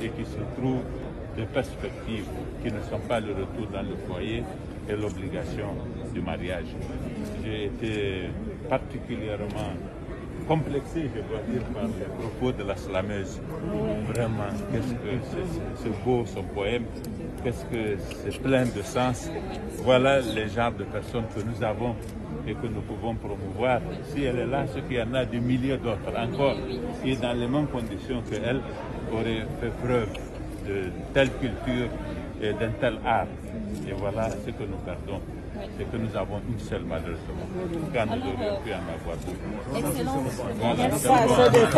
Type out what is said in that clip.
et qui se trouvent des perspectives qui ne sont pas le retour dans le foyer et l'obligation du mariage. J'ai été particulièrement complexé, je dois dire, par les propos de la slameuse. Vraiment, qu'est-ce que c'est beau son poème, qu'est-ce que c'est plein de sens. Voilà les genres de personnes que nous avons et que nous pouvons promouvoir. Si elle est là, ce qu'il y en a des milliers d'autres encore, qui dans les mêmes conditions qu'elle, aurait fait preuve de telle culture d'un tel art. Et voilà ce que nous perdons. C'est que nous avons une seule malheureusement. Quand nous aurions pu en avoir beaucoup.